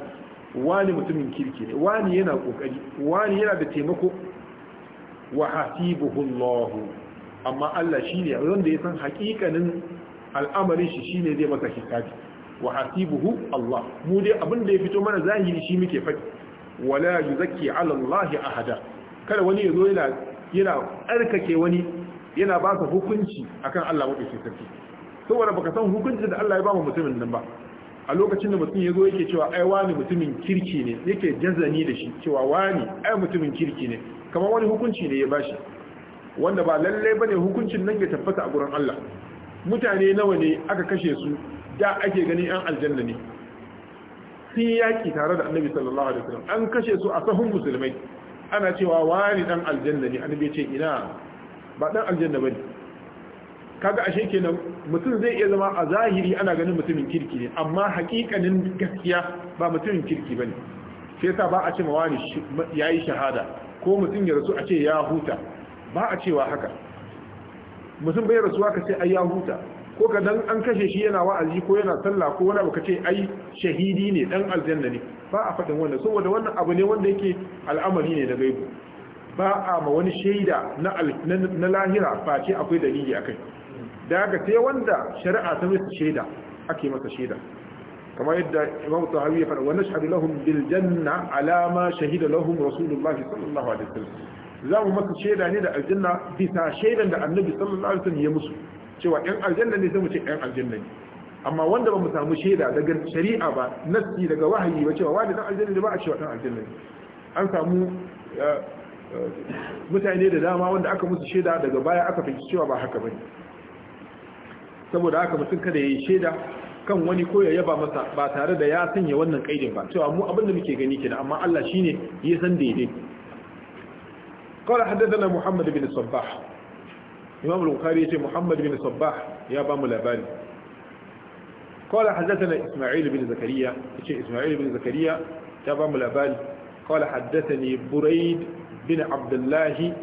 wani mutumin kirki ne wani yana kokari wani yana da taimako wa hasibuhu Allah amma Allah shine wanda ya san hakikanin al'amarin shi shine zai masa hisabi wa hasibuhu Allah mu dai abin da ya fito mana zahiri shi muke faɗi wala yuzakki ala Allah ahada kada wani ya zo yana yana tsarkake wani yana ba su hukunci akan Allah madaukakin sarki saboda baka san hukunci da Allah ya ba mu mutumin nan ba a lokacin da mutum ya zo yake cewa ai wani mutumin kirki ne yake jazani da shi cewa wani ai mutumin kirki ne kamar wani hukunci ne ya bashi wanda ba lallai lalle bane hukuncin nan ya tabbata a gurin Allah mutane nawa ne aka kashe su da ake ganin yan aljanna ne sun yaki tare da annabi sallallahu alaihi wasallam an kashe su a sahun musulmai ana cewa wani dan aljanna ne annabi ya ce ina ba dan aljanna bane kaga ashe kenan mutum zai iya zama a zahiri ana ganin mutumin kirki ne amma hakikanin gaskiya ba mutumin kirki bane sai yasa ba a ce mawani yayi shahada ko mutum ya rasu a ce ya huta ba a cewa haka mutum bai rasuwa ka ce ai ya huta ko ka dan an kashe shi yana wa'azi ko yana sallah ko wani abu ce ai shahidi ne dan aljanna ne ba a faɗin wannan saboda wannan abu ne wanda yake al'amari ne da gaibu ba a ma wani shaida na lahira face akwai dalili a kai daga sai wanda shari'a ta masa shaida ake masa shaida Kamar yadda imam tahawi ya faɗa wa nashhadu lahum bil janna ala ma shahida lahum rasulullahi sallallahu alaihi wasallam za mu masa shaida ne da aljanna bisa shaidan da annabi sallallahu alaihi wasallam ya musu cewa ɗan aljanna ne sai mu ce ɗan aljanna ne amma wanda ba mu samu shaida daga shari'a ba nassi daga wahayi ba cewa wani ɗan aljanna ne ba a cewa ɗan aljanna ne an samu eh, mutane da dama wanda aka musu shaida daga baya aka fahimci cewa ba haka bane saboda haka mutum kada ya yi shaida kan wani ko ya yaba masa ba tare da ya sanya wannan kaidin ba cewa mu abin da muke gani kenan amma Allah shine ya san daidai قال حدثنا محمد بن الصباح إمام البخاري يقول محمد بن الصباح يا بام الأباني قال حدثنا إسماعيل بن زكريا يقول إسماعيل بن زكريا يا بام الأباني قال حدثني بريد bin abdullahi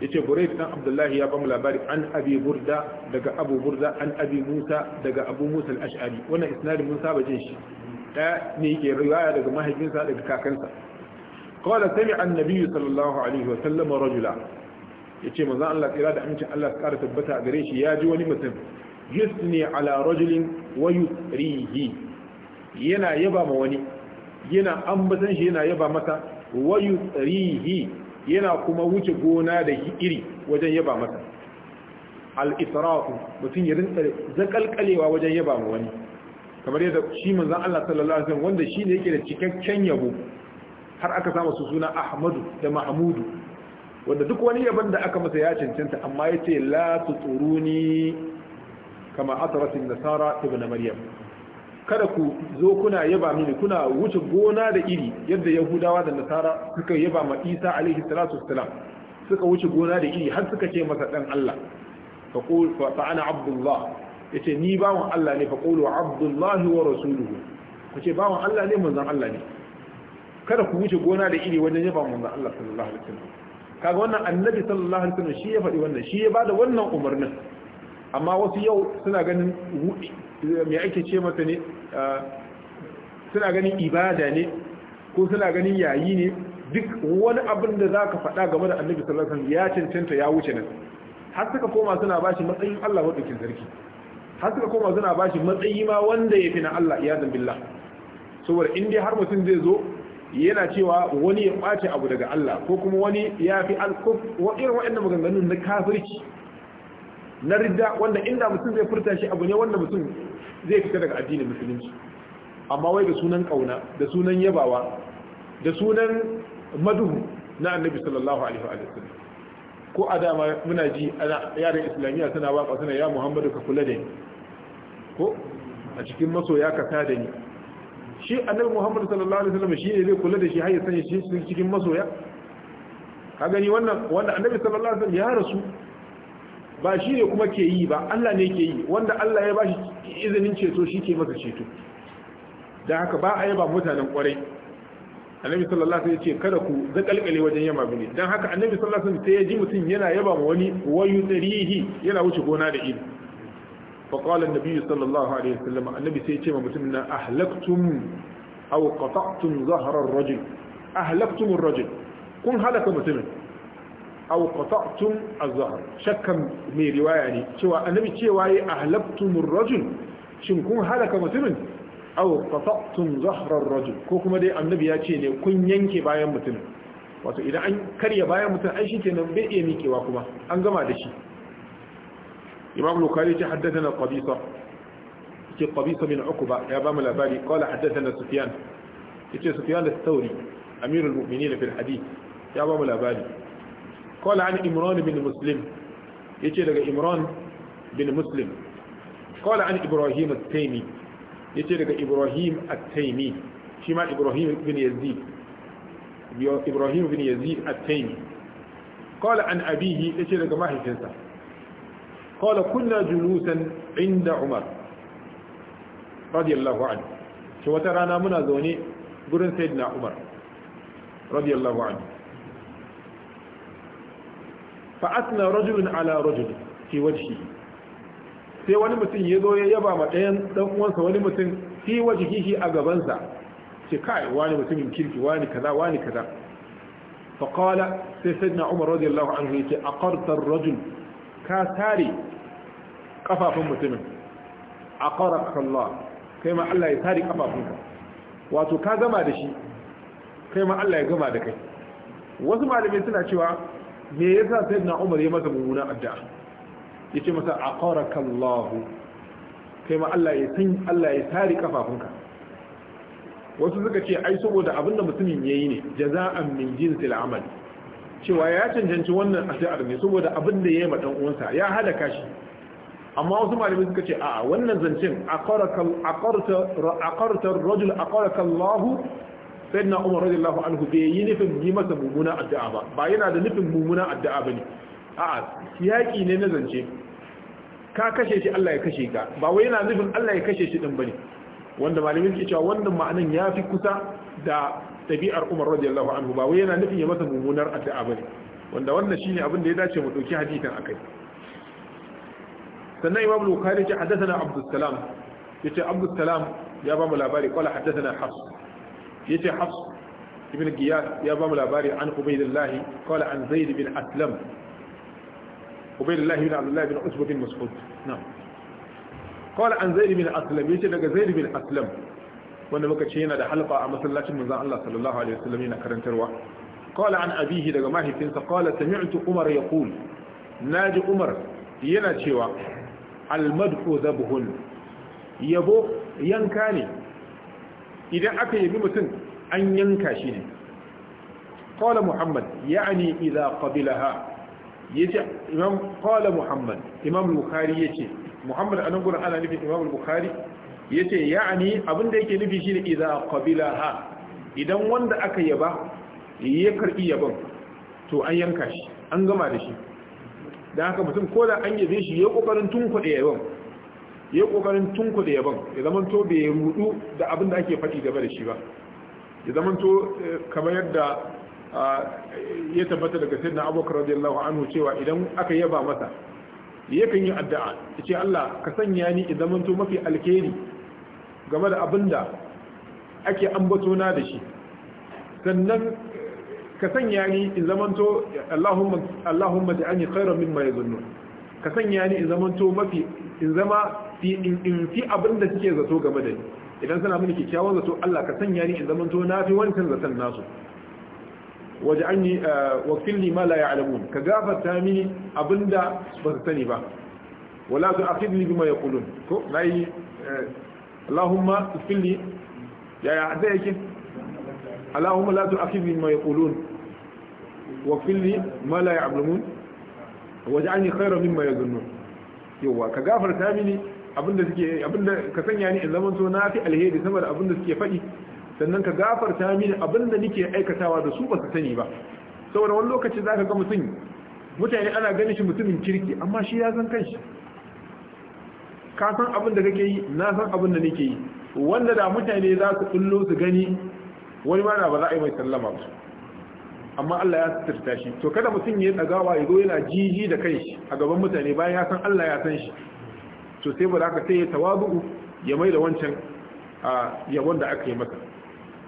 yace burayd dan abdullahi ya bamu labari an abi burda daga abu burda an abi musa daga abu musa al-ash'ari wannan isnadin mun saba jin shi da ne yake riwaya daga mahaifinsa daga kakansa qala sami'a an-nabi sallallahu alaihi wa sallam rajula yace manzo Allah tsira da amincin Allah ƙara tabbata a gare shi ya ji wani mutum yusni ala rajulin wa yusrihi yana yaba ma wani yana ambatan shi yana yaba masa Wayu tsarihi yana kuma wuce gona da iri wajen yaba masa al mutum ya rinka zakalkalewa wajen yaba ma wani kamar yadda shi zan Allah sallallahu alaihi wasallam wanda shine yake da cikakken yabo har aka samu su suna Ahmadu da Mahmudu wanda duk wani yaban da aka masa ya cancanta amma yace la tuturuni kama asrat an-nasara ibn maryam kada ku zo kuna yaba mini kuna wuce gona da iri yadda yahudawa da nasara suka yaba ma isa alaihi salatu wassalam suka wuce gona da iri har suka ce masa dan allah fa qul fa ana abdullah yace ni bawon allah ne fa qulu abdullahi wa rasuluhu kace bawon allah ne manzon allah ne kada ku wuce gona da iri wajen yaba manzon allah sallallahu alaihi wasallam kaga wannan annabi sallallahu alaihi wasallam shi ya faɗi wannan shi ya bada wannan umarnin amma wasu yau suna ganin me ake ce masa ne suna ganin ibada ne ko suna ganin yayi ne duk wani abin da za ka faɗa game da annabi sallallahu alaihi wasallam ya cancanta ya wuce nan har suka koma suna bashi matsayin Allah madaukin sarki har suka koma suna bashi matsayi ma wanda ya fi na Allah iyadan billah saboda in dai har mutum zai zo yana cewa wani ya ɓace abu daga Allah ko kuma wani ya fi alkuf wa irin waɗannan maganganun na kafirci na ridda wanda inda mutum zai furta shi abu ne wanda mutum zai fita daga addinin musulunci amma wai da sunan kauna da sunan yabawa da sunan maduhu na annabi sallallahu alaihi wa sallam ko a dama muna ji ana yaran islamiyya suna waka suna ya muhammadu ka kula da ni ko a cikin masoya ka da ni shi annabi muhammadu sallallahu alaihi wa sallam shi ne zai kula da shi har ya sanya shi cikin masoya ka gani wannan wanda annabi sallallahu alaihi wa sallam ya rasu ba shi ne kuma ke yi ba Allah ne ke yi wanda Allah ya ba shi izinin ceto shi ke masa ceto da haka ba a yaba mutanen kwarai annabi sallallahu alaihi wasallam ya ce kada ku zakalkale wajen yamma bane dan haka annabi sallallahu alaihi wasallam sai ya ji mutum yana yaba ma wani wayu tsarihi yana wuce gona da ido fa qala annabi sallallahu alaihi wasallam annabi sai ya ce ma mutumin na ahlaktum aw qata'tum zahra ar-rajul ahlaktum ar-rajul kun halaka mutumin aw qata'tum az-zahr shakkan mai riwaya ne cewa annabi cewa yi ahlabtumur rajul shin kun halaka mutumin aw qata'tum zahra ar-rajul ko kuma dai annabi ya ce ne kun yanke bayan mutumin wato idan an karya bayan mutum ai shikenan bai iya mikewa kuma an gama da shi imam bukhari ya haddathana qabisa ke qabisa min uqba ya ba mu labari qala haddathana sufyan yace sufyan al-thawri amirul mu'minin fil hadith ya ba mu labari قال عن إمران بن مسلم يجي لك إمران بن مسلم قال عن إبراهيم التيمي يجي لك إبراهيم التيمي شما إبراهيم بن يزيد إبراهيم بن يزيد التيمي قال عن أبيه يجي لك ما هي فنسة قال كنا جلوسا عند عمر رضي الله عنه شو ترانا منا زوني قرن سيدنا عمر رضي الله عنه fa asna rajulun ala rajulin fi wajhi sai wani mutum ya zo ya yaba ma ɗayan dan uwansa wani mutum fi shi a gabansa ce kai wani mutumin kirki wani kaza wani kaza fa qala sai sayyidina umar radiyallahu anhu yake aqarta ar-rajul ka tare kafafun mutumin aqaraka Allah kai ma Allah ya tare ka. wato ka gama da shi kai ma Allah ya gama da kai wasu malamai suna cewa me yasa na Umar ya masa mummunan addu'a yace masa aqarakallahu kai ma Allah ya san Allah ya tari kafafunka wasu suka ce ai saboda abinda mutumin yayi ne jaza'an min jinsil amal cewa ya cancanci wannan addu'ar ne saboda abinda yayi ma dan uwansa ya halaka shi amma wasu malamai suka ce a'a wannan zancen aqaraka aqarta aqarta ar-rajul aqarakallahu sayyidina umar radiyallahu anhu bai yi nufin yi masa mummuna addu'a ba ba yana da nufin mummunan addu'a ne a'a yaƙi ne na zance ka kashe shi Allah ya kashe ka ba wai yana nufin Allah ya kashe shi din bane wanda malamin ke cewa wannan ma'anan ya fi kusa da tabi'ar Umar radiyallahu anhu ba wai yana nufin ya masa mummunar addu'a ne wanda wannan shine abin da ya dace mu dauki hadisin akai sannan Imam Bukhari ya hadathana Abdul Salam yace Abdul Salam ya ba mu labari qala hadathana Hafs yace hafs ibn giyas ya ba mu labari an ubaidillahi qala an zaid bin aslam ubaidillahi bin abdullah bin usba bin mas'ud na'am qala an zaid bin aslam yace daga zaid bin aslam wanda muka ce yana da halqa a masallacin manzon Allah sallallahu alaihi wasallam yana karantarwa qala an abihi daga mahaifinsa qala sami'tu umar yaqul naji umar yana cewa al madhu dhabhun yabo yanka ne idan aka yabi mutum an yanka shi ne qala muhammad ya'ni idza ya ce imam qala muhammad imam bukhari ce. muhammad anan gurin ana nufin imam bukhari yace ya'ni abinda yake nufi shine idza qabilaha idan wanda aka yaba ya karbi yabon to an yanka shi an gama da shi dan haka mutum ko da an yabe shi ya ƙoƙarin kokarin tunkuɗe yabon ya kokarin tunku da yabon ya zama to bai rudu da abin da ake faɗi gaba da shi ba ya zama to eh, kamar yadda ya tabbata daga sayyidina abubakar radiyallahu anhu cewa idan aka yaba masa ya kan yi addu'a ya ce Allah ka sanya ni idan mun to mafi alkhairi game da abin da ake ambato na da shi sannan ka sanya ni in to Allahumma Allahumma ja'alni khairan mimma yadhunnun ka sanya ni in zamanto mafi in zama in fi abin da suke zato game da ni idan suna mini kyakkyawan zato Allah ka sanya ni in zamanto na fi wancan zaton nasu waje an yi eh, wakilni ma la alamu ka gafarta mini abin da ba su sani ba wala tu akhidni bima yaqulun ko nayi eh, Allahumma ighfirli ya ya zai yake Allahumma la tu akhidni bima yaqulun waghfirli ma la ya'lamun waj'alni khairu mimma yadhunnun yawa ka gafarta mini abinda suke abinda ka sanya ni in zaman to na fi alheri sama da abinda suke faɗi sannan ka gafarta mini abinda nake aikatawa da su ba su sani ba saboda wani lokaci zaka ga mutum mutane ana ganin shi mutumin kirki amma shi ya san kanshi ka san abin da kake yi na san abin da nake yi wanda da mutane za su kullo su gani wani ma na ba za a yi mai sallama ba amma Allah ya suturta shi to kada mutum ya dagawa ya zo yana jiji da shi a gaban mutane bayan ya san Allah ya san shi to sai ba ka sai ya tawadu ya mai da wancan yabon da aka yi masa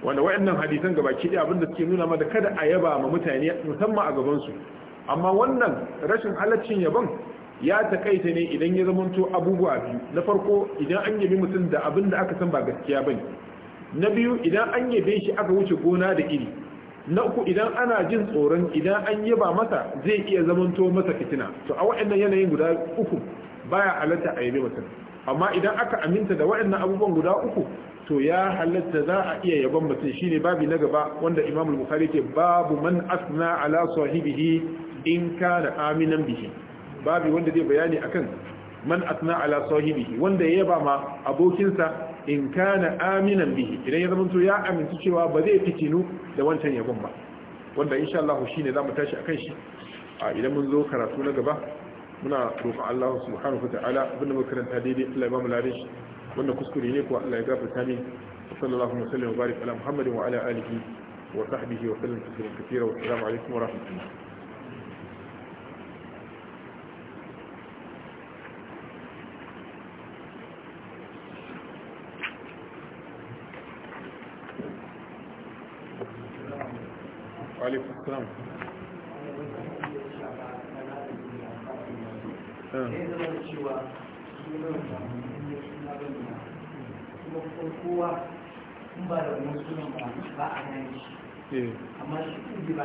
wanda wayannan hadisan gabaki ɗaya abinda suke nuna ma kada a yaba ma mutane musamman a gaban su amma wannan rashin halaccin yabon ya takaita ne idan ya zamanto abubuwa biyu na farko idan an yabi mutum da abin da aka san ba gaskiya ba ne na biyu idan an yabe shi aka wuce gona da iri na uku idan ana jin tsoron idan an yaba masa zai iya zamanto masa fitina to a waɗannan yanayin guda uku baya halatta a yabe mutum amma idan aka aminta da waɗannan abubuwan guda uku to ya halatta za a iya yaban mutum shine babi na gaba wanda Imam al-Bukhari ke babu man asna ala sahibihi in kana aminan bihi babi wanda zai bayani akan man asna ala sahibihi wanda ya yaba ma abokinsa in kana aminan bihi idan ya zamanto ya aminta cewa ba zai fitinu da wancan yabon ba wanda insha Allah za mu tashi akan shi a idan mun zo karatu na gaba muna roƙon Allah subhanahu wataala abinda muka karanta daidai Allah ya ba mu ladan shi wanda kuskure ne ko Allah ya gafarta min sallallahu alaihi wa sallam wa barik ala muhammadin wa ala alihi wa sahbihi wa sallam taslima kathira wa assalamu alaikum wa rahmatullah Islam. Eh. Eh, ba da ba a shi eh. amma shi ba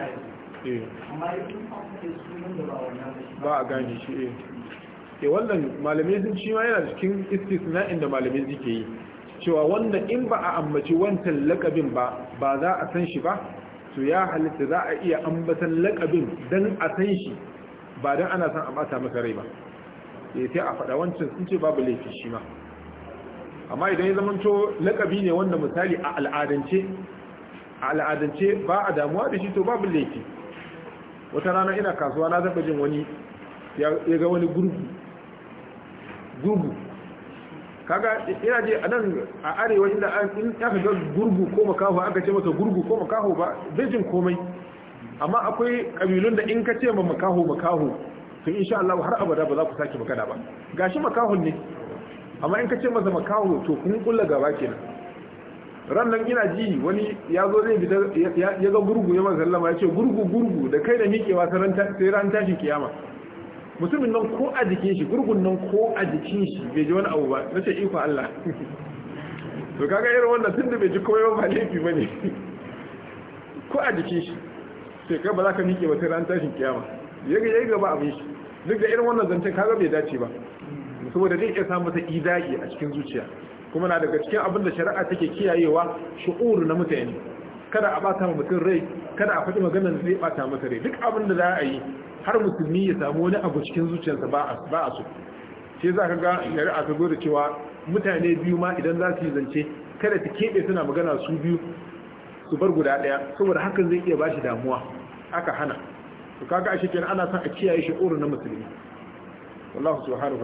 ya amma sun sunan da ba wannan ba a gane shi E, wannan malamai sun ci ma yana cikin istisna'in inda malamai suke yi cewa wanda in ba a ambaci wancan lakabin ba ba za a san shi ba to ya halitta za a iya ambatan lakabin dan a san shi ba dan ana san a mata masa rai ba Ya eh, sai a faɗa wancan sun ce babu laifi shi ma amma idan ya zamanto lakabi ne wanda misali a al'adance a al'adance ba a damuwa da shi to babu laifi wata rana ina kasuwa na zaba jin wani ya ga wani gurgu gurgu kaga ina je a a arewa inda in aka ga gurgu ko makaho aka ce masa gurgu ko makaho ba zai komai amma akwai kabilun da in ka ce ma makaho makaho to insha Allah har abada ba za ku sake magana ba gashi makaho ne amma in ka ce masa makaho to kun kulla gaba kenan ran nan ina ji wani ya zai bi ya ga gurgu ya masa sallama ya ce gurgu gurgu da kai da miƙewa sai ran tashin kiyama mutumin nan ko a jikin shi gurgun nan ko a jikin shi bai ji wani abu ba na ce iko Allah to kaga irin wannan tun da bai ji komai ba laifi ne. ko a jikin shi sai kai ba za ka miƙe ba sai ran tashin kiyama ya ga yayi gaba abin shi duk da irin wannan zancen kaga bai dace ba saboda zai iya samu ta idai a cikin zuciya kuma na daga cikin abin da shari'a take kiyayewa shu'ur na mutane kada a bata mutum rai kada a faɗi maganar da zai bata masa rai duk abin da za a yi har musulmi ya samu wani abu cikin zuciyarsa ba a su? ce za ka ga yari a kago da cewa mutane biyu ma idan za su yi zance kada ta keɓe suna magana su biyu su bar guda ɗaya saboda hakan zai iya ba shi damuwa aka hana su kaga ashe kenan ana son a kiyaye shi ƙorin na musulmi wallahu subhanahu